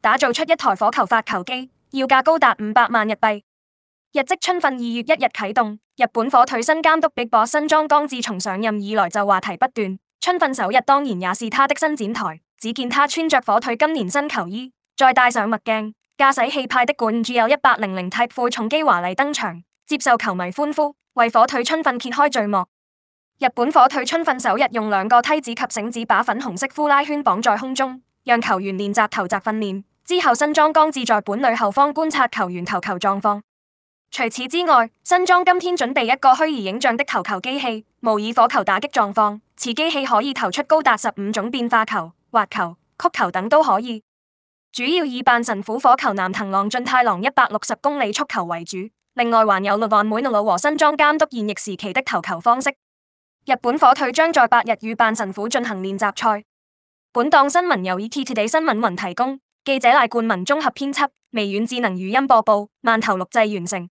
打造出一台火球發球機，要價高達五百萬日幣。日職春訓二月一日啟動。日本火腿新監督碧波新莊剛志從上任以來就話題不斷，春訓首日當然也是他的伸展台。只見他穿着火腿今年新球衣，再戴上墨鏡，駕駛氣派的管，主有一百零零泰庫重機華麗登場，接受球迷歡呼，為火腿春訓揭開序幕。日本火腿春訓首日用兩個梯子及繩子把粉紅色呼啦圈綁在空中。讓球員練習投擲訓練之後，新莊剛志在本壘後方觀察球員投球，球狀況。除此之外，新莊今天準備一個虛擬影像的投球，球機器，模擬火球打擊狀況。此機器可以投出高達十五種變化球，滑球、曲球等都可以，主要以阪神虎火球男藤浪晉太郎一百六十公里速球為主。另外，還有六萬妹濃路和新莊監督現役時期的投球方式。日本火腿將在八日與阪神虎進行練習賽。本檔新聞由 ETtoday 新聞雲提供，記者賴冠文綜合編輯，微軟智能語音播報，饅頭錄製完成。